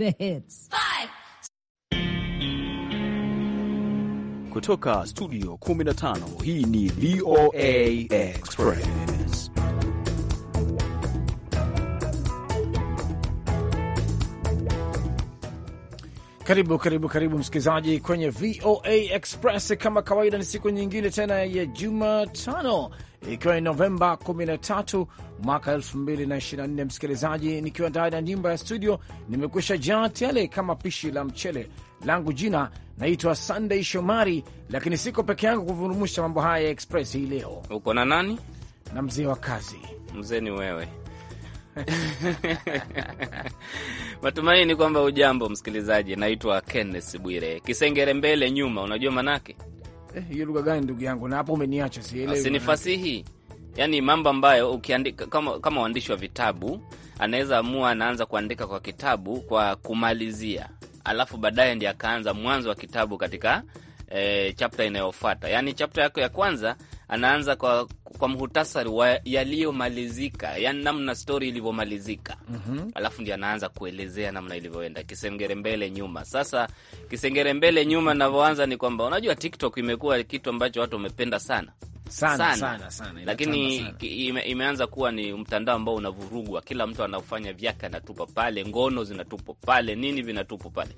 the hits. Five. Kutoka studio 15 hii ni VOA Express. Karibu karibu karibu msikilizaji kwenye VOA Express. Kama kawaida, ni siku nyingine tena ya Jumatano, ikiwa ni Novemba 13 mwaka 2024. Msikilizaji, nikiwa ndani ya nyumba ya studio, nimekwisha jaa tele kama pishi la mchele langu. Jina naitwa Sunday Shomari, lakini siko peke yangu kuvurumusha mambo haya ya Express hii leo. Uko na nani? Na mzee wa kazi. Mzee ni wewe Matumaini kwamba ujambo msikilizaji. Naitwa Kenneth Bwire. Kisengere mbele nyuma, unajua manake eh? lugha gani ndugu yangu? Na hapo umeniacha sielewi. Ah, Sini fasihi, yaani mambo ambayo ukiandika kama, kama wa vitabu anaweza amua anaanza kuandika kwa kitabu kwa kumalizia, alafu baadaye ndi akaanza mwanzo wa kitabu katika e, eh, chapta inayofata. Yaani chapta yako ya kwanza anaanza kwa kwa mhutasari wa yaliyomalizika, yani namna stori ilivyomalizika. mm -hmm. Alafu ndio anaanza kuelezea namna ilivyoenda kisengere mbele nyuma. Sasa kisengere mbele nyuma navyoanza ni kwamba unajua TikTok imekuwa kitu ambacho watu wamependa sana sana, sana, sana, sana, lakini sana. Ime, imeanza kuwa ni mtandao ambao unavurugwa, kila mtu anafanya vyake, anatupa pale ngono, zinatupwa pale, nini vinatupwa pale.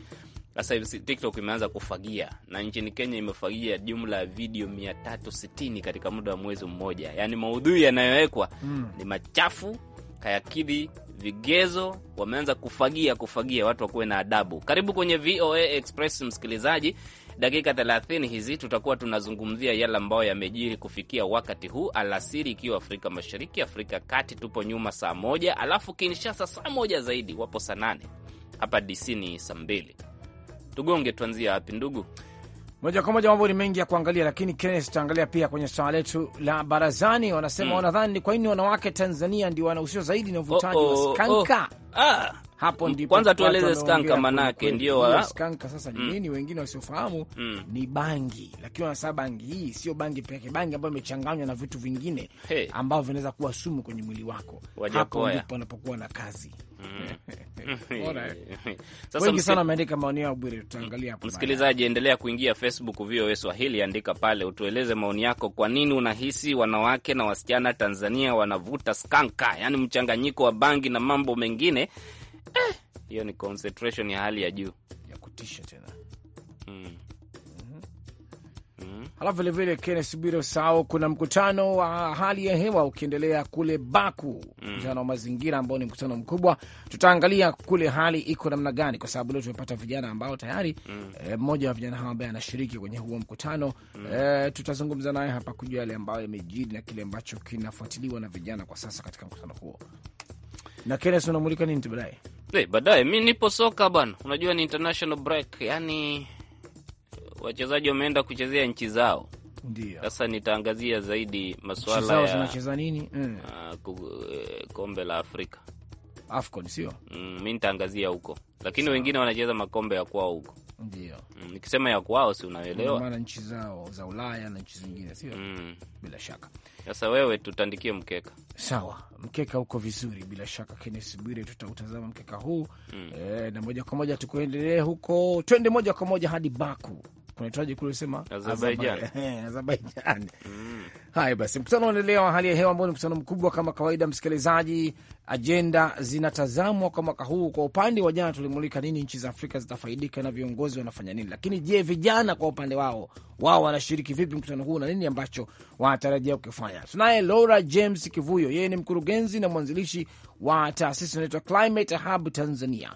Sasa hivi TikTok imeanza kufagia na nchini Kenya imefagia jumla ya video 360 katika muda wa mwezi mmoja. Yaani maudhui yanayowekwa mm. ni machafu kayakidhi vigezo, wameanza kufagia kufagia, watu wakuwe na adabu. Karibu kwenye VOA Express msikilizaji, dakika 30 hizi tutakuwa tunazungumzia yale ambayo yamejiri kufikia wakati huu alasiri, ikiwa Afrika Mashariki, Afrika Kati tupo nyuma saa moja, alafu Kinshasa saa moja zaidi, wapo saa nane, hapa DC ni saa mbili tugonge, tuanzie wapi ndugu? Moja kwa moja, mambo ni mengi ya kuangalia, lakini Kenneth, tutaangalia pia kwenye swala letu la barazani. Wanasema mm, wanadhani kwa nini wanawake Tanzania ndio wanahusishwa zaidi na uvutaji oh, oh, wa skanka oh. ah hapo ndipo kwanza tueleze skanka, manake ndio wa skanka. Sasa ni mm. nini? Mm. Wengine wasiofahamu mm. ni bangi, lakini wanasema bangi hii sio bangi peke, bangi ambayo imechanganywa na vitu vingine hey. ambavyo vinaweza kuwa sumu kwenye mwili wako. Hapo ndipo anapokuwa na kazi. Mm. Wengi sana wameandika maoni yao, Bwire, tutaangalia hapo. Msikilizaji, endelea kuingia Facebook VOA Swahili, andika pale, utueleze maoni yako. Kwa nini unahisi wanawake na wasichana Tanzania wanavuta skanka, yaani mchanganyiko wa bangi na mambo mengine hiyo ni concentration ya hali ya juu ya kutisha tena. mm. Mhm. mm. Halafu vilevile Kennes Bwire sao, kuna mkutano wa hali ya hewa ukiendelea kule Baku, mm. mkutano mm. wa mazingira ambao ni mkutano mkubwa. Tutaangalia kule hali iko namna gani, kwa sababu leo tumepata vijana ambao tayari mm. Eh, mmoja mm. e, wa vijana hao ambaye anashiriki kwenye huo mkutano mm. e, tutazungumza naye hapa kujua yale ambayo yamejiri na kile ambacho kinafuatiliwa na vijana kwa sasa katika mkutano huo. Na Kenes, unamulika nini baadaye? Eh, baadaye mi nipo soka bana, unajua ni international break, yani wachezaji wameenda kuchezea nchi zao. Ndio. Sasa nitaangazia zaidi masuala ya zinacheza nini? Mm. Uh, kombe la Afrika AFCON, sio? Mm, mi nitaangazia huko, lakini so, wengine wanacheza makombe ya kwao huko ndio mm, nikisema ya kwao, si unaelewa maana nchi zao za Ulaya na nchi zingine, sio mm? Bila shaka. Sasa wewe tutandikie mkeka, sawa? Mkeka uko vizuri, bila shaka. Kennes Bwire, tutautazama mkeka huu mm. E, na moja kwa moja tukuendelee huko, twende moja kwa moja hadi Baku. Kunahitaji kulisema Azerbaijan, Azerbaijan. Mm. Haya basi, mkutano unaendelea wa hali ya hewa ambao ni mkutano mkubwa kama kawaida. Msikilizaji, ajenda zinatazamwa kwa mwaka huu. Kwa upande wa jana, tulimulika nini nchi za Afrika zitafaidika na viongozi wanafanya nini, lakini je, vijana kwa upande wao, wao wanashiriki vipi mkutano huu na nini ambacho wanatarajia kukifanya? Tunaye Laura James Kivuyo, yeye ni mkurugenzi na mwanzilishi wa taasisi inaitwa Climate Hub Tanzania.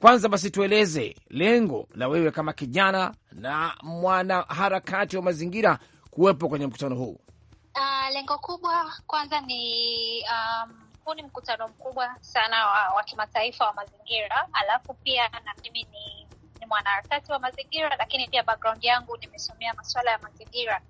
Kwanza basi tueleze lengo la wewe kama kijana na mwanaharakati wa mazingira kuwepo kwenye mkutano huu. Uh, lengo kubwa kwanza ni um, huu ni mkutano mkubwa sana wa, wa kimataifa wa mazingira, alafu pia na mimi ni, ni mwanaharakati wa mazingira, lakini pia background yangu nimesomea masuala ya mazingira.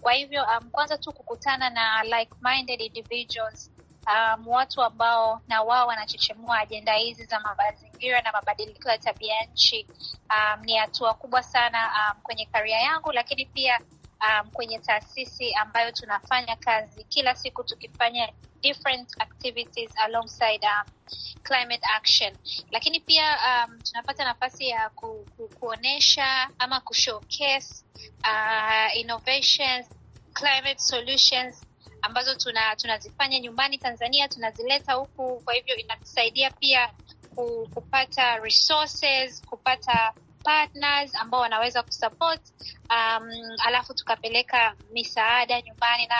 Kwa hivyo um, kwanza tu kukutana na like-minded individuals um, watu ambao na wao wanachechemua ajenda hizi za mazingira na mabadiliko ya tabia nchi um, ni hatua kubwa sana um, kwenye karia yangu, lakini pia um, kwenye taasisi ambayo tunafanya kazi kila siku tukifanya different activities alongside um, climate action, lakini pia um, tunapata nafasi ya ku, ku, kuonyesha ama kushowcase uh, innovations climate solutions ambazo tuna tunazifanya nyumbani Tanzania, tunazileta huku. Kwa hivyo inatusaidia pia kupata resources, kupata partners ambao wanaweza kusupport um, alafu tukapeleka misaada nyumbani na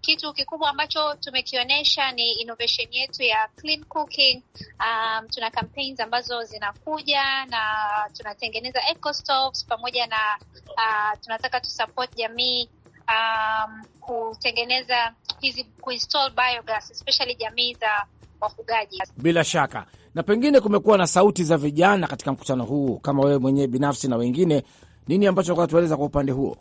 kitu kikubwa ambacho tumekionyesha ni innovation yetu ya clean cooking. Um, tuna campaigns ambazo zinakuja na tunatengeneza eco stoves pamoja na uh, tunataka tusupport jamii um, kutengeneza hizi kuinstall biogas especially jamii za wafugaji. Bila shaka na pengine kumekuwa na sauti za vijana katika mkutano huu, kama wewe mwenyewe binafsi na wengine nini ambacho tueleza kwa upande huo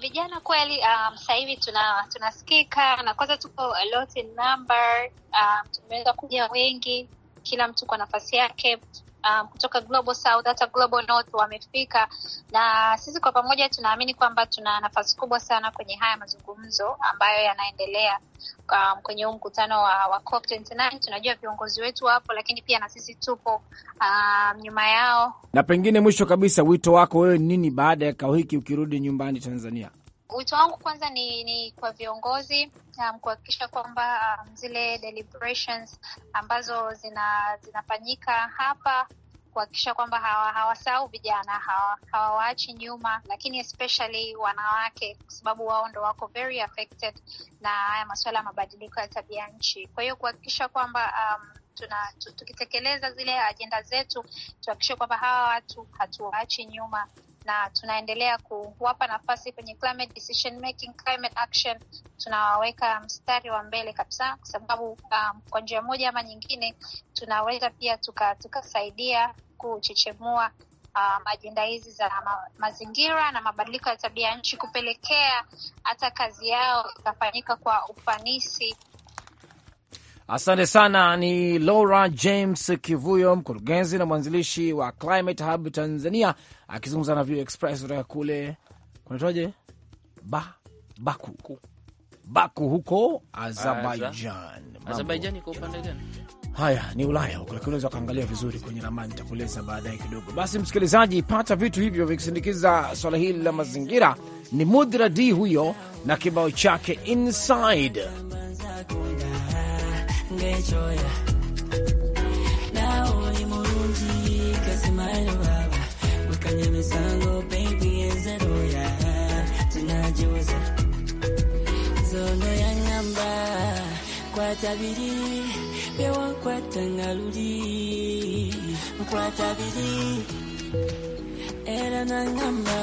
vijana kweli? Um, sasa hivi tuna, tunasikika na kwanza tuko a lot in number. Um, tumeweza kuja wengi, kila mtu kwa nafasi yake um, kutoka Global South hata Global North wamefika, na sisi kwa pamoja tunaamini kwamba tuna nafasi kubwa sana kwenye haya mazungumzo ambayo yanaendelea um, kwenye huu mkutano wa, wa COP29. Tunajua viongozi wetu wapo, lakini pia na sisi tupo um, nyuma yao. Na pengine mwisho kabisa, wito wako wewe nini baada ya kao hiki ukirudi nyumbani Tanzania? Wito wangu kwanza ni, ni kwa viongozi um, kuhakikisha kwamba um, zile deliberations ambazo zinafanyika hapa kuhakikisha kwamba hawasahau hawa vijana hawawaachi hawa nyuma, lakini especially wanawake, kwa sababu wao ndo wako very affected na haya masuala ya mabadiliko ya tabia nchi. Kwa hiyo kuhakikisha kwamba um, tuna tukitekeleza zile ajenda zetu, tuhakikishe kwamba hawa watu hatuwaachi nyuma, na tunaendelea kuwapa nafasi kwenye climate decision making, climate action, tunawaweka mstari wa mbele kabisa, kwa sababu um, kwa njia moja ama nyingine tunaweza pia tukasaidia tuka kuchechemua um, ajenda hizi za ma, mazingira na mabadiliko ya tabia nchi kupelekea hata kazi yao ikafanyika kwa ufanisi. Asante sana. Ni Laura James Kivuyo, mkurugenzi na mwanzilishi wa Climate Hub Tanzania, akizungumza na View Express kutoka kule kunatoje ba Baku Baku huko Azerbaijan. Azerbaijan iko upande gani? Haya ni Ulaya huko, lakini unaweza ukaangalia vizuri kwenye ramani, nitakueleza baadaye kidogo. Basi msikilizaji, pata vitu hivyo vikisindikiza swala hili la mazingira. Ni Mudra D huyo na kibao chake Inside. sango baby yanzu doya tuna ji wasu zono yan nan ba kwata biri bewan kwatan aluri kwata biri era nan nan ba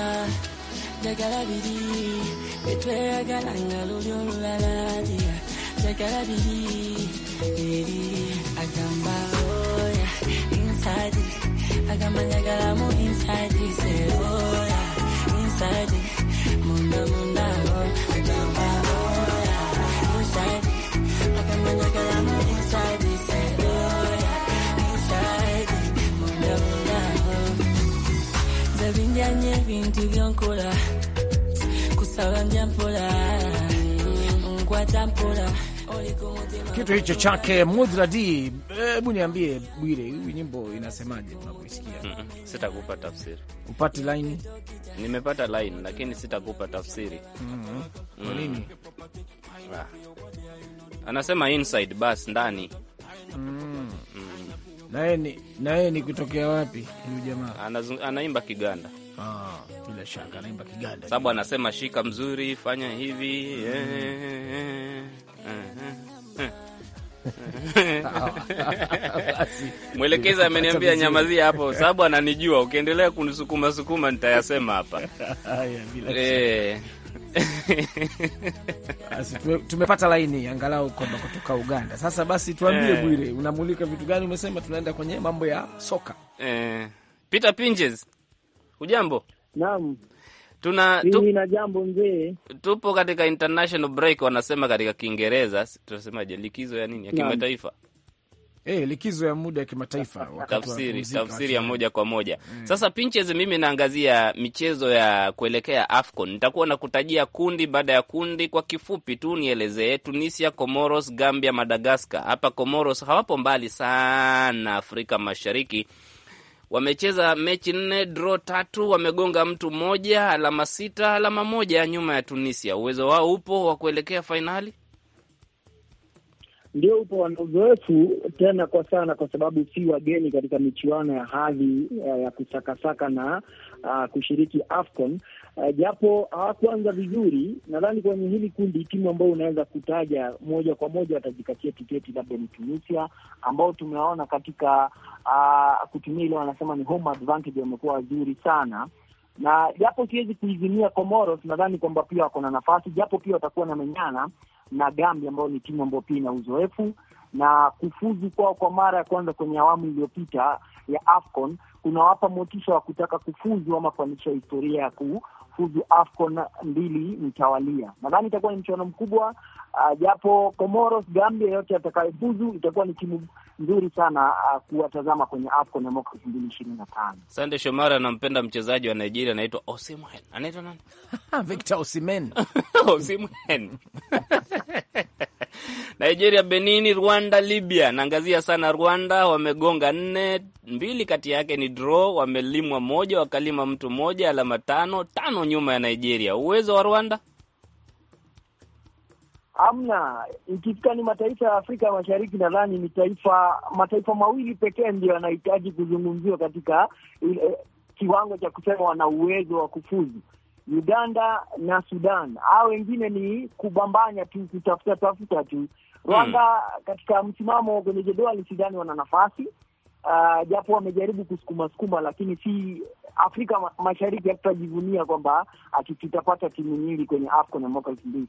daga biri betwera ganan inside it. I got my nigga, I'm inside it. Say, oh yeah, inside it. Munda, munda, oh. I got my, oh, inside it. I got my nigga, I'm inside it. Say, oh yeah, inside it. Munda, munda, oh. Zabindanye bintu byonkola. Kusabanja mpola. Nkwata mpola. kitu hicho chake Mudradi. Hebu niambie Bwire, hii nyimbo inasemaje unapoisikia? Sitakupa tafsiri. Upate line? Nimepata line, lakini sitakupa tafsiri. Mm-hmm. Kwa mm. nini? Ah. Anasema inside bas ndani. Mm. Mm. Naye ni naye ni kutokea wapi huyu jamaa? Anaimba Kiganda. Ah, bila shaka anaimba Kiganda. Sababu anasema shika mzuri, fanya hivi. Mm. Yeah. Eh, eh. Eh, eh, eh. Mwelekezi ameniambia nyamazia hapo, sababu ananijua. Ukiendelea kunisukuma sukuma nitayasema hapa. tumepata laini angalau kwamba kutoka Uganda. Sasa basi tuambie, Bwire, unamulika vitu gani? Umesema tunaenda kwenye mambo ya soka. Peter Pinges, hujambo? Naam tuna na jambo mzee, tupo katika international break, wanasema katika Kiingereza tunasemaje, likizo ya nini ya kimataifa Hey, eh, likizo ya muda ya kimataifa tafsiri, tafsiri ya moja kwa moja hmm. Sasa pinches, mimi naangazia michezo ya kuelekea AFCON. Nitakuwa nakutajia kundi baada ya kundi. Kwa kifupi tu nielezee: Tunisia, Comoros, Gambia, Madagascar. Hapa Comoros hawapo mbali sana Afrika Mashariki Wamecheza mechi nne, draw tatu, wamegonga mtu mmoja, alama sita, alama moja nyuma ya Tunisia. Uwezo wao upo wa kuelekea fainali? Ndio, upo. Wana uzoefu tena kwa sana, kwa sababu si wageni katika michuano ya hadhi eh, ya kusakasaka na uh, kushiriki AFCON uh, japo hawakuanza vizuri. Nadhani kwenye hili kundi timu ambayo unaweza kutaja moja kwa moja watajikatia tiketi labda ni Tunisia, ambao tumewaona katika uh, kutumia ile wanasema ni home advantage, wamekuwa wazuri sana na japo siwezi kuizimia Comoros, nadhani kwamba pia wako na nafasi, japo pia watakuwa na menyana na Gambia ambayo ni timu ambayo pia ina uzoefu na kufuzu kwao kwa mara ya kwanza kwenye awamu iliyopita ya AFCON kunawapa motisha wa kutaka kufuzu ama kuanisha historia ya kufuzu AFCON mbili mtawalia. Nadhani itakuwa ni mchuano mkubwa uh, japo Comoros, Gambia yote atakayefuzu itakuwa ni timu nzuri sana uh, kuwatazama kwenye AFCON ya mwaka elfu mbili ishirini na tano. Sande Shomari anampenda mchezaji wa Nigeria anaitwa Osimhen, anaitwa nani? Victor Osimhen Osimhen Nigeria, Benin, Rwanda, Libya. Naangazia sana Rwanda, wamegonga nne, mbili kati yake ni draw, wamelimwa moja, wakalima mtu moja, alama tano tano nyuma ya Nigeria. Uwezo wa Rwanda hamna. Ikifika ni mataifa ya Afrika Mashariki, nadhani ni taifa mataifa mawili pekee ndio yanahitaji kuzungumziwa katika ile eh, kiwango cha kusema wana uwezo wa kufuzu Uganda na Sudan. Hao wengine ni kubambanya tu, kutafuta tafuta tu. Rwanda hmm, katika msimamo kwenye jedwali sidhani wana nafasi uh, japo wamejaribu kusukumasukuma lakini si Afrika Mashariki hatutajivunia kwamba tutapata timu nyingi kwenye AFCON ya mwaka elfu mbili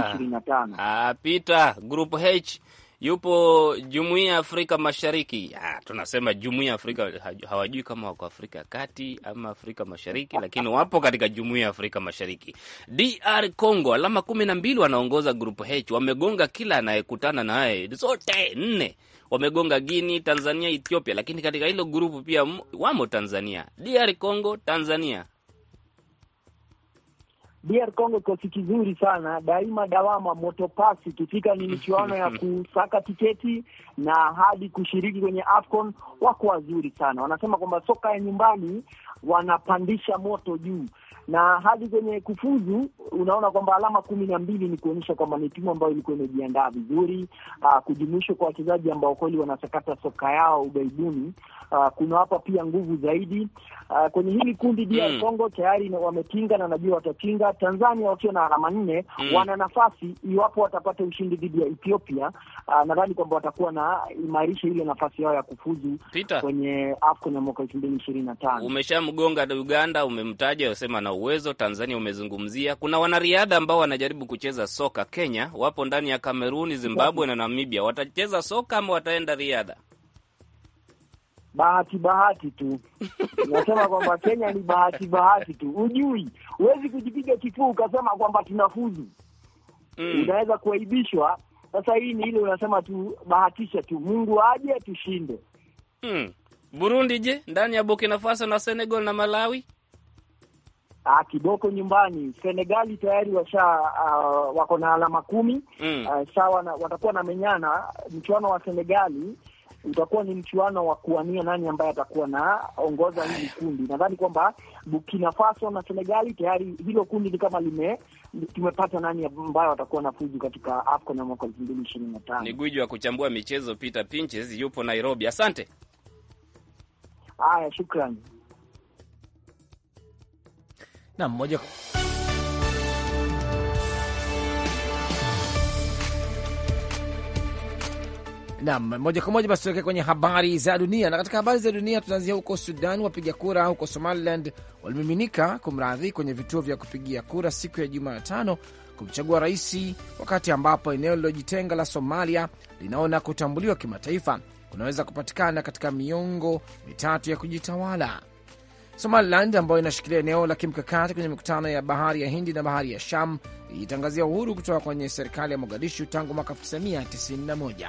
ishirini na tano. Ah, ah. Peter, group H yupo jumuiya ya Afrika Mashariki. Ha, ah, tunasema jumuiya ya Afrika, hawajui kama wako Afrika ya kati ama Afrika Mashariki, lakini wapo katika jumuiya ya Afrika Mashariki. DR Congo alama kumi na mbili wanaongoza grupu H, wamegonga kila anayekutana naye, zote nne wamegonga Guini, Tanzania, Ethiopia, lakini katika hilo grupu pia wamo Tanzania, DR Congo, Tanzania DR Congo kosi kizuri sana daima dawama motopasi kifika ni michuano ya kusaka tiketi na hadi kushiriki kwenye AFCON wako wazuri sana. Wanasema kwamba soka ya nyumbani wanapandisha moto juu na hadi kwenye kufuzu, unaona kwamba alama kumi na mbili ni kuonyesha kwamba ni timu ambayo ilikuwa imejiandaa vizuri. Ah, kujumuishwa kwa wachezaji ambao kweli wanasakata soka yao ugaibuni hapa ah, pia nguvu zaidi. uh, kwenye hili kundi dia mm. Kongo tayari wametinga na najua watatinga. Tanzania wakiwa na alama nne mm. wana nafasi iwapo watapata ushindi dhidi ya Ethiopia, uh, nadhani kwamba watakuwa na imarisha ile nafasi yao ya kufuzu Peter, kwenye AFCON ya mwaka elfu mbili ishirini na tano. Umeshamgonga Uganda, umemtaja wasema na uwezo, Tanzania umezungumzia. Kuna wanariadha ambao wanajaribu kucheza soka Kenya, wapo ndani ya Kameruni, Zimbabwe na Namibia. Watacheza soka ama wataenda riadha? Bahati bahati tu nasema kwamba Kenya ni bahati bahati tu, hujui, huwezi kujipiga kifua ukasema kwamba tunafuzu mm. Unaweza kuaibishwa. Sasa hii ni ile unasema tu bahatisha tu, Mungu aje tushinde. mm. Burundi je, ndani ya Burkina Faso na Senegal na Malawi uh, kiboko nyumbani. Senegali tayari washa uh, wako na alama kumi mm. uh, sawa na, watakuwa na menyana. Mchuano wa Senegali utakuwa ni mchuano wa kuwania nani ambaye atakuwa na ongoza hili kundi. Nadhani kwamba Burkina Faso na Senegali tayari hilo kundi ni kama lime tumepata nani ambayo watakuwa na fuzu katika AFCON ya mwaka elfu mbili ishirini na tano. Ni gwiji wa kuchambua michezo Peter Pinches, yupo Nairobi. Asante haya, shukrani na mmoja Nam, moja kwa moja basi tuelekee kwenye habari za dunia. Na katika habari za dunia tunaanzia huko Sudan. Wapiga kura huko Somaliland walimiminika kumradhi, kwenye vituo vya kupigia kura siku ya Jumatano kumchagua rais, wakati ambapo eneo lililojitenga la Somalia linaona kutambuliwa kimataifa kunaweza kupatikana katika miongo mitatu ya kujitawala. Somaliland ambayo inashikilia eneo la kimkakati kwenye mikutano ya bahari ya Hindi na bahari ya Sham ilitangazia uhuru kutoka kwenye serikali ya Mogadishu tangu mwaka 1991.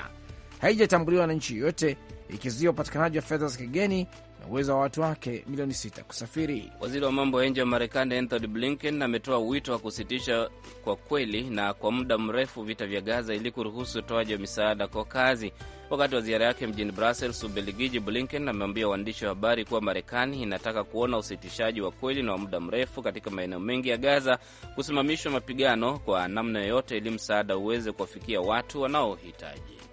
Haijatambuliwa na nchi yoyote, ikizuia upatikanaji wa fedha za kigeni na uwezo wa watu wake milioni sita kusafiri. Waziri wa mambo ya nje wa Marekani Anthony Blinken ametoa wito wa kusitisha kwa kweli na kwa muda mrefu vita vya Gaza ili kuruhusu utoaji wa misaada kwa kazi. Wakati wa ziara yake mjini Brussels, Ubelgiji, Blinken ameambia waandishi wa habari kuwa Marekani inataka kuona usitishaji wa kweli na wa muda mrefu katika maeneo mengi ya Gaza, kusimamishwa mapigano kwa namna yoyote, ili msaada uweze kuwafikia watu wanaohitaji.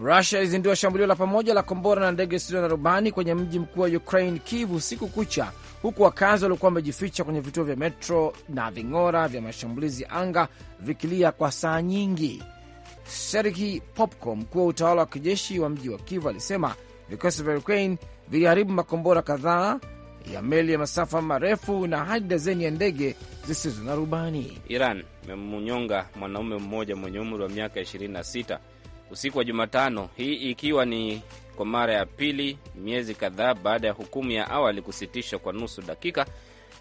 Rusia ilizindua shambulio la pamoja la kombora na ndege zisizo na rubani kwenye mji mkuu wa Ukraine, Kiev, usiku kucha, huku wakazi waliokuwa wamejificha kwenye vituo vya metro na ving'ora vya mashambulizi ya anga vikilia kwa saa nyingi. Sergi Popko, mkuu wa utawala wa kijeshi wa mji wa Kiev, alisema vikosi vya Ukraine viliharibu makombora kadhaa ya meli ya masafa marefu na hadi dazeni ya ndege zisizo na rubani. Iran imemnyonga mwanaume mmoja mwenye umri wa miaka 26 usiku wa Jumatano, hii ikiwa ni kwa mara ya pili miezi kadhaa baada ya hukumu ya awali kusitishwa kwa nusu dakika.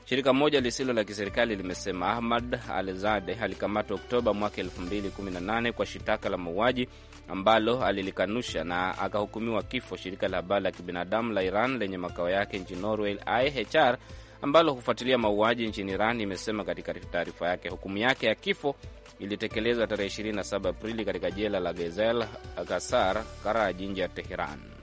Shirika moja lisilo la kiserikali limesema Ahmad Alzade alikamatwa Oktoba mwaka 2018 kwa shitaka la mauaji ambalo alilikanusha na akahukumiwa kifo. Shirika la habari la kibinadamu la Iran lenye makao yake nchini Norway, IHR, ambalo hufuatilia mauaji nchini Iran imesema katika taarifa yake hukumu yake ya kifo ilitekelezwa tarehe 27 Aprili katika jela la Gezel Kasar Karaji nje ya Teheran.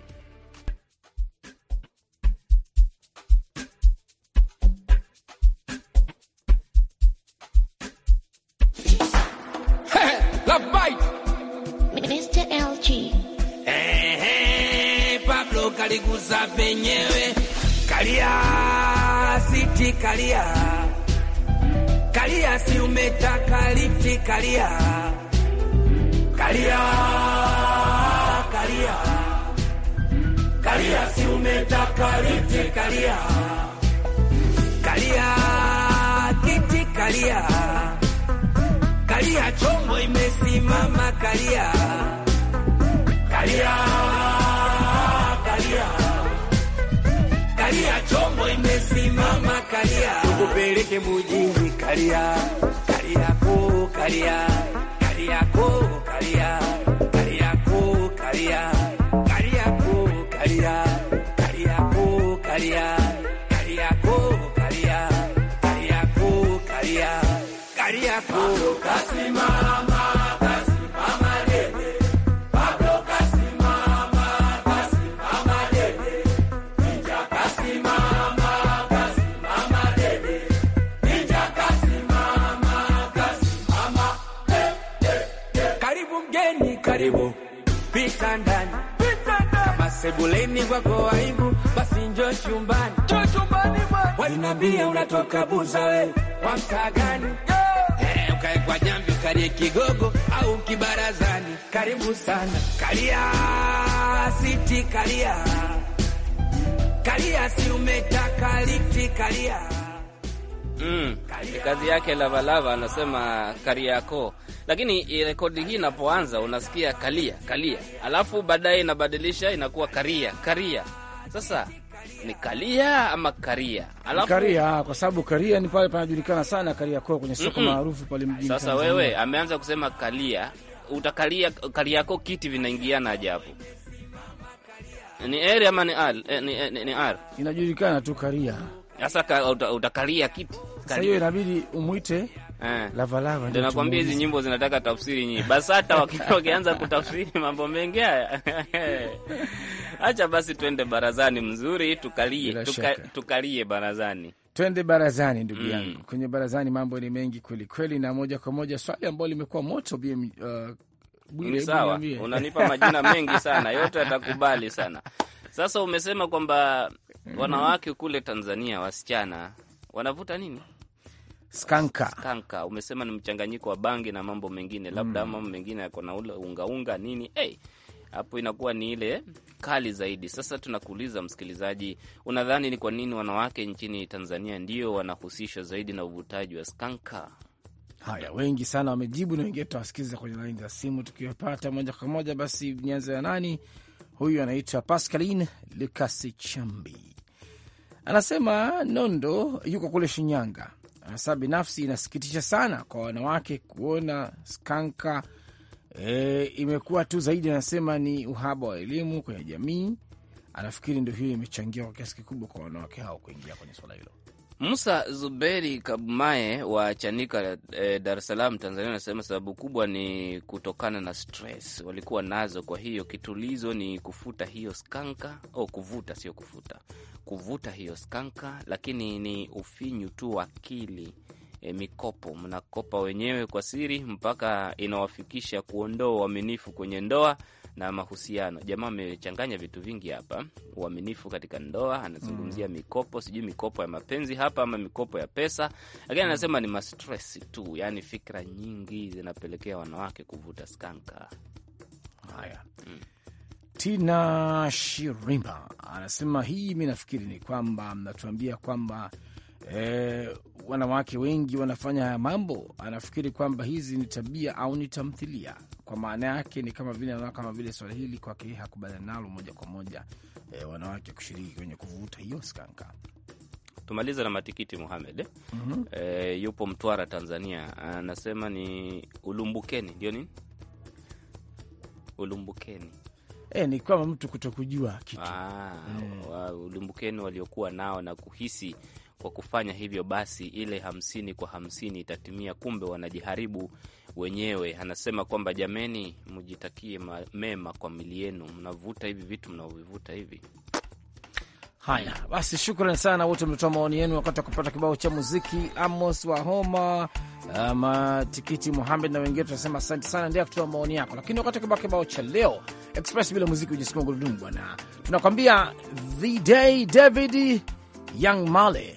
kalia kalia kalia kalia, si umetaka lifti kalia kalia kiti kalia kalia, chombo imesimama kalia kalia kalia kalia, chombo imesimama kalia, tukupeleke mujini kalia Maria. sebuleni kwako aibu, basi njoo chumbani, njoo chumbani bwana, walinambia unatoka buza, we wamka gani? Eh, ukae kwa jamvi, ukalie kigogo au kibarazani, karibu sana, kalia siti, kalia kalia, si umetaka liti, kalia Mm. Kazi yake Lavalava anasema kariako lakini rekodi hii inapoanza unasikia kalia kalia, alafu baadaye inabadilisha inakuwa karia karia. Sasa ni kalia ama karia? Alafu karia, ah, kwa sababu karia ni pale panajulikana sana karia kwao kwenye soko mm -mm. maarufu pale mjini. Sasa wewe ameanza kusema kalia, utakalia karia yako kiti vinaingiana ajapo ni R ama ni R? eh, ni, eh, ni R inajulikana tu karia. Sasa utakalia kiti sasa, hiyo inabidi umwite eh, Lavalava ndio nakwambia, hizi nyimbo zinataka tafsiri nyingi. BASATA wakianza kutafsiri mambo mengi haya acha basi twende barazani, mzuri tukalie, tuka, tukalie barazani Twende barazani ndugu mm. yangu. Kwenye barazani mambo ni mengi kweli kweli, na moja kwa moja swali ambalo limekuwa moto BM, uh, sawa, unanipa majina mengi sana yote atakubali sana. Sasa umesema kwamba mm-hmm. wanawake kule Tanzania, wasichana wanavuta nini? Skanka. Skanka umesema ni mchanganyiko wa bangi na mambo mengine labda, mm. mambo mengine yako na ungaunga nini hey. Hapo inakuwa ni ile kali zaidi. Sasa tunakuuliza msikilizaji, unadhani ni kwa nini wanawake nchini Tanzania ndio wanahusishwa zaidi na uvutaji wa skanka? Haya, wengi sana wamejibu na wengine tutawasikiliza kwenye laini za simu tukiwapata moja kwa moja. Basi nianze na nani huyu, anaitwa Pascaline Lukasi Chambi, anasema Nondo, yuko kule Shinyanga hasa binafsi inasikitisha sana kwa wanawake kuona skanka e, imekuwa tu zaidi, anasema ni uhaba wa elimu kwenye jamii. Anafikiri ndio hiyo imechangia kwa kiasi kikubwa kwa wanawake hao kuingia kwenye swala hilo. Musa Zuberi Kabumae wa Chanika, eh, Dar es Salaam, Tanzania, anasema sababu kubwa ni kutokana na stress walikuwa nazo. Kwa hiyo kitulizo ni kufuta hiyo skanka au oh, kuvuta, sio kufuta, kuvuta hiyo skanka, lakini ni ufinyu tu akili. E, mikopo mnakopa wenyewe kwa siri mpaka inawafikisha kuondoa uaminifu kwenye ndoa na mahusiano. Jamaa amechanganya vitu vingi hapa, uaminifu katika ndoa, anazungumzia mm, mikopo, sijui mikopo ya mapenzi hapa ama mikopo ya pesa, lakini mm. anasema ni mastress tu, yaani fikra nyingi zinapelekea wanawake kuvuta skanka. Haya, mm. Tina Shirima anasema hii, mi nafikiri ni kwamba mnatuambia kwamba eh, wanawake wengi wanafanya haya mambo, anafikiri kwamba hizi ni tabia au ni tamthilia. Kwa maana yake ni kama vile anaona kama vile swala hili kwake hakubaliana nalo moja kwa moja, eh, wanawake kushiriki kwenye kuvuta hiyo skanka. Tumaliza na matikiti Muhamed eh? mm -hmm. E, eh, yupo Mtwara, Tanzania, anasema ni ulumbukeni, ndio nini ulumbukeni? E, ni kama mtu kutokujua kitu ah, mm. Ulumbukeni waliokuwa nao na kuhisi kwa kufanya hivyo, basi ile hamsini kwa hamsini itatimia, kumbe wanajiharibu wenyewe. Anasema kwamba jameni, mjitakie mema kwa mili yenu, mnavuta hivi vitu mnavyovivuta hivi. Haya basi, shukran sana wote mlitoa maoni yenu. Wakati wa kupata kibao cha muziki, Amos wa Homa, ah, Matikiti Muhamed na wengine, tunasema asante sana, ndio kutoa maoni yako. Lakini wakati wa kibao cha leo Express, bila muziki hujasikuma gurudumu bwana. Tunakwambia the day David Young Male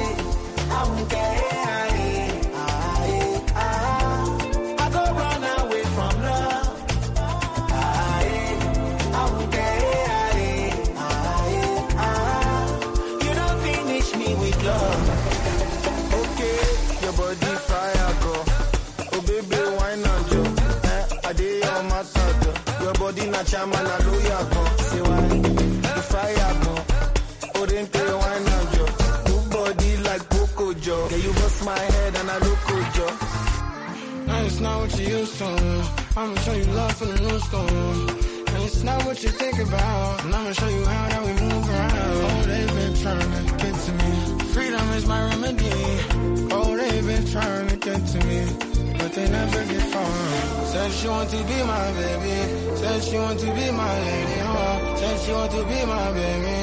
a man The fire go. Good body like you my and I look Now it's not what you used to. I'ma show you love for the new school. And it's not what you think about. And I'ma show you how that we move around. Oh, they've been trying to get to me. Freedom is my remedy. Oh, they've been trying to get to me. but they never get far. Said she want to be my baby. Said she want to be my lady. Oh. Said she want to be my baby.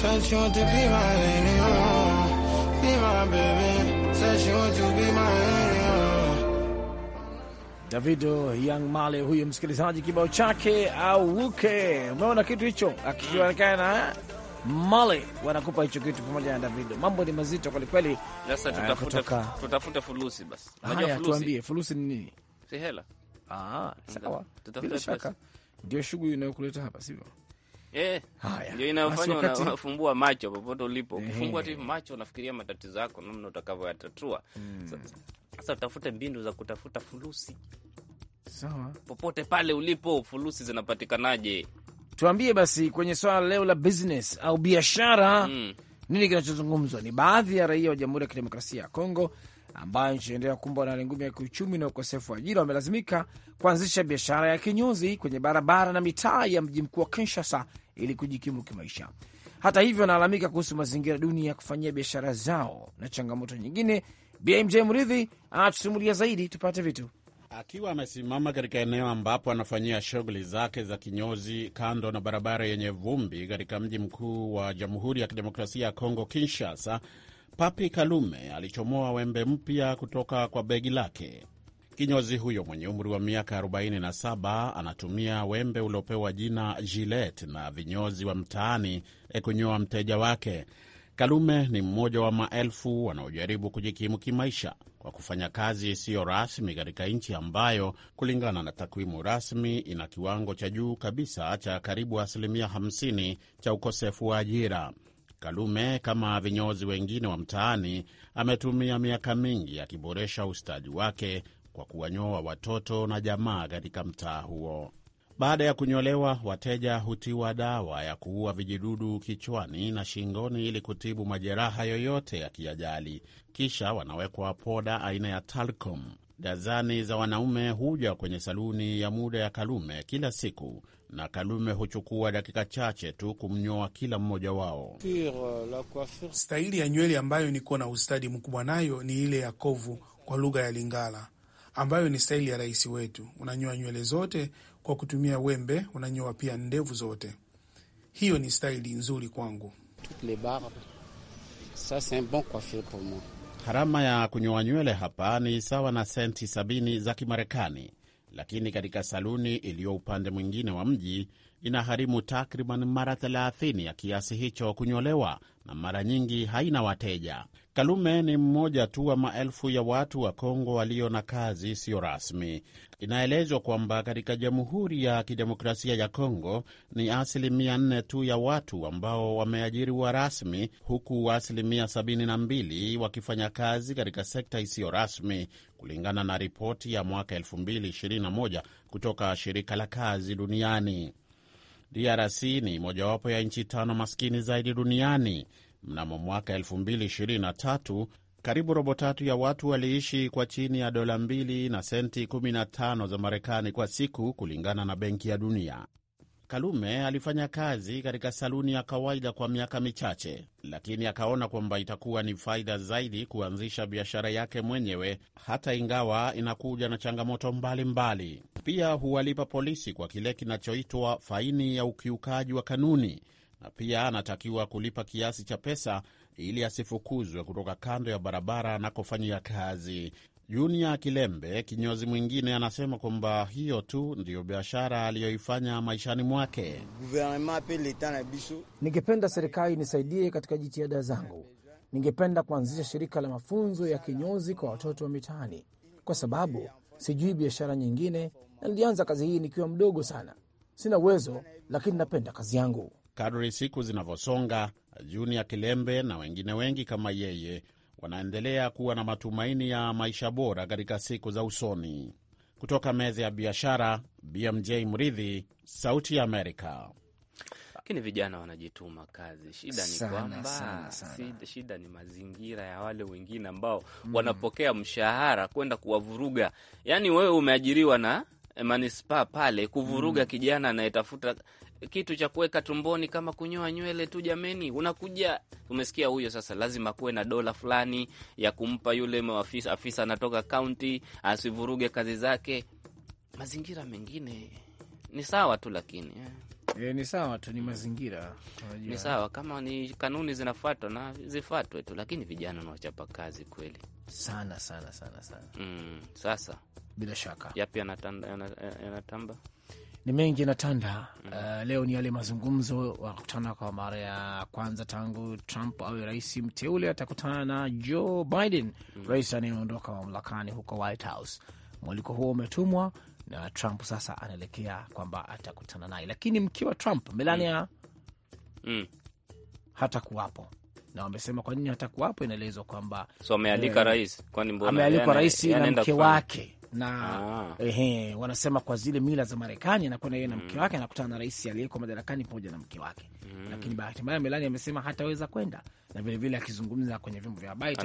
Said she want to be my lady. Oh. Be my baby. Said she want to be my lady. Oh. Davido Young Male huyu msikilizaji, kibao chake auke. Umeona kitu hicho na eh? Male wanakupa hicho kitu pamoja na Davido. Mambo ni mazito kwelikweli. Sasa eh, tutafute fulusi basi. tuambie fulusi ni nini? Si hela. Ah, sawa. Bila shaka ndio shughuli inayokuleta hapa, sivyo? Eh, ndio inayofanya unafumbua macho popote ulipo. Eh. Ukifumbua tu macho unafikiria matatizo yako namna utakavyoyatatua. Hmm. Sasa mbinu za kutafuta fulusi. Sawa. Popote pale ulipo, fulusi zinapatikanaje? tuambie basi kwenye swala leo la business au biashara mm. nini kinachozungumzwa? Ni baadhi ya raia wa Jamhuri ya Kidemokrasia ya Kongo ambayo nchi inaendelea kukumbwa na hali ngumu ya kiuchumi na ukosefu wa ajira, wamelazimika kuanzisha biashara ya kinyozi kwenye barabara na mitaa ya mji mkuu wa Kinshasa ili kujikimu kimaisha. Hata hivyo, wanalalamika kuhusu mazingira duni ya kufanyia biashara zao na changamoto nyingine. BMJ Mridhi anatusimulia zaidi, tupate vitu Akiwa amesimama katika eneo ambapo anafanyia shughuli zake za kinyozi kando na barabara yenye vumbi katika mji mkuu wa Jamhuri ya Kidemokrasia ya Kongo, Kinshasa, Papi Kalume alichomoa wembe mpya kutoka kwa begi lake. Kinyozi huyo mwenye umri wa miaka 47 anatumia wembe uliopewa jina Gillette na vinyozi wa mtaani eh, kunyoa mteja wake. Kalume ni mmoja wa maelfu wanaojaribu kujikimu kimaisha kwa kufanya kazi isiyo rasmi katika nchi ambayo kulingana na takwimu rasmi ina kiwango cha juu kabisa cha karibu asilimia 50 cha ukosefu wa ajira. Kalume kama vinyozi wengine wa mtaani ametumia miaka mingi akiboresha ustadi wake kwa kuwanyoa watoto na jamaa katika mtaa huo. Baada ya kunyolewa, wateja hutiwa dawa ya kuua vijidudu kichwani na shingoni ili kutibu majeraha yoyote ya kiajali, kisha wanawekwa poda aina ya talcum. Dazani za wanaume huja kwenye saluni ya muda ya Kalume kila siku na Kalume huchukua dakika chache tu kumnyoa kila mmoja wao. Staili ya nywele ambayo niko na ustadi mkubwa nayo ni ile ya kovu, kwa lugha ya Lingala, ambayo ni staili ya rais wetu. Unanyoa nywele zote kwa kutumia wembe unanyoa pia ndevu zote. Hiyo ni staili nzuri kwangu. Gharama ya kunyoa nywele hapa ni sawa na senti sabini za Kimarekani, lakini katika saluni iliyo upande mwingine wa mji inagharimu takriban mara 30 ya kiasi hicho kunyolewa na mara nyingi haina wateja. Kalume ni mmoja tu wa maelfu ya watu wa Kongo walio na kazi isiyo rasmi. Inaelezwa kwamba katika Jamhuri ya Kidemokrasia ya Kongo ni asilimia 4 tu ya watu ambao wameajiriwa rasmi, huku asilimia 72 wakifanya kazi katika sekta isiyo rasmi, kulingana na ripoti ya mwaka 2021 kutoka shirika la kazi duniani. DRC ni mojawapo ya nchi tano maskini zaidi duniani. Mnamo mwaka 2023 karibu robo tatu ya watu waliishi kwa chini ya dola 2 na senti 15 za Marekani kwa siku, kulingana na Benki ya Dunia. Kalume alifanya kazi katika saluni ya kawaida kwa miaka michache, lakini akaona kwamba itakuwa ni faida zaidi kuanzisha biashara yake mwenyewe, hata ingawa inakuja na changamoto mbalimbali mbali. Pia huwalipa polisi kwa kile kinachoitwa faini ya ukiukaji wa kanuni, na pia anatakiwa kulipa kiasi cha pesa ili asifukuzwe kutoka kando ya barabara anakofanyia kazi. Junia Kilembe, kinyozi mwingine, anasema kwamba hiyo tu ndiyo biashara aliyoifanya maishani mwake. Ningependa serikali nisaidie katika jitihada zangu. Ningependa kuanzisha shirika la mafunzo ya kinyozi kwa watoto wa mitaani, kwa sababu sijui biashara nyingine, na nilianza kazi hii nikiwa mdogo sana. Sina uwezo, lakini napenda kazi yangu. Kadri siku zinavyosonga, Junia Kilembe na wengine wengi kama yeye wanaendelea kuwa na matumaini ya maisha bora katika siku za usoni. Kutoka meza ya biashara, BMJ Mridhi, Sauti ya Amerika. Lakini vijana wanajituma kazi, shida ni kwamba shida ni mazingira ya wale wengine ambao mm, wanapokea mshahara kwenda kuwavuruga. Yaani wewe umeajiriwa na manispaa pale kuvuruga mm, kijana anayetafuta kitu cha kuweka tumboni kama kunyoa nywele tu, jameni, unakuja umesikia huyo. Sasa lazima kuwe na dola fulani ya kumpa yule afisa, afisa anatoka kaunti asivuruge kazi zake. Mazingira mengine ni sawa tu, lakini E, ni sawa tu, ni mazingira unajua. Ni sawa kama ni kanuni zinafuatwa na zifuatwe tu, lakini vijana nawachapa kazi kweli sana sana sana sana. Mm, sasa bila shaka yapi yanatamba ni mengi yanatanda. Mm-hmm. Uh, leo ni yale mazungumzo, wakutana kwa mara ya kwanza tangu Trump awe rais mteule, atakutana na Joe Biden, mm-hmm. rais anayeondoka mamlakani huko White House. Mwaliko huo umetumwa na Trump, sasa anaelekea kwamba atakutana naye, lakini mkiwa Trump Melania mm. mm. hata kuwapo na wamesema kwa nini hata kuwapo, inaelezwa kwamba so amealika eh, rais, kwani mbona amealikwa rais na mke wake na ah. Ehe, wanasema kwa zile mila za Marekani anakwenda yeye na mke mm. wake, anakutana na rais aliyeko madarakani pamoja na mke wake mm. Lakini bahati mbaya Melania amesema hataweza kwenda na vilevile akizungumza kwenye vyombo vya habari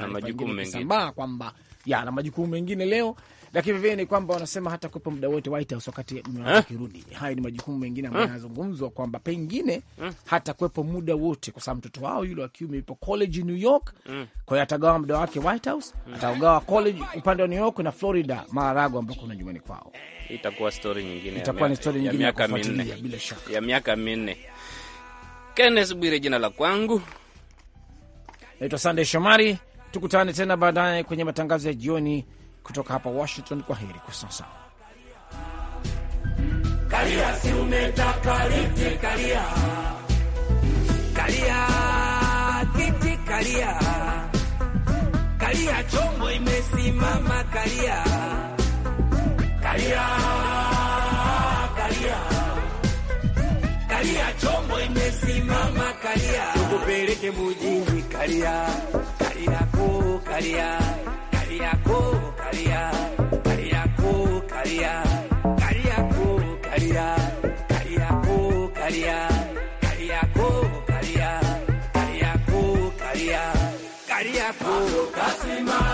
kusambaa kwamba ya ana majukumu mengine leo, lakini vile ni kwamba wanasema hata kuwepo muda wote White House wakati eh? akirudi. Hayo ni majukumu mengine ambayo eh? yanazungumzwa kwamba pengine eh? hata kuwepo muda wote, kwa sababu mtoto wao yule wa kiume yupo college New York. Eh? Kwa hiyo atagawa muda wake White House, eh? atagawa college upande wa New York na Florida, Maarago ambako kuna nyumbani kwao. Itakuwa stori nyingine, itakuwa ni stori nyingine ya miaka minne, bila shaka ya miaka minne. Kenneth Bwire jina la kwangu Naitwa Sandey Shomari, tukutane tena baadaye kwenye matangazo ya jioni kutoka hapa Washington. Kwa heri kwa sasa. Kalia si kalia chombo imesimama, kalia kalia Kalia chombo imesimama, Kalia tukupeleke mjini, Kalia Kariakoo, Kalia Kariakoo, Kalia Kariakoo, Kalia Kariakoo, Kalia Kariakoo, Kalia Kariakoo, Kalia Kariakoo, Kalia Kariakoo, kasimama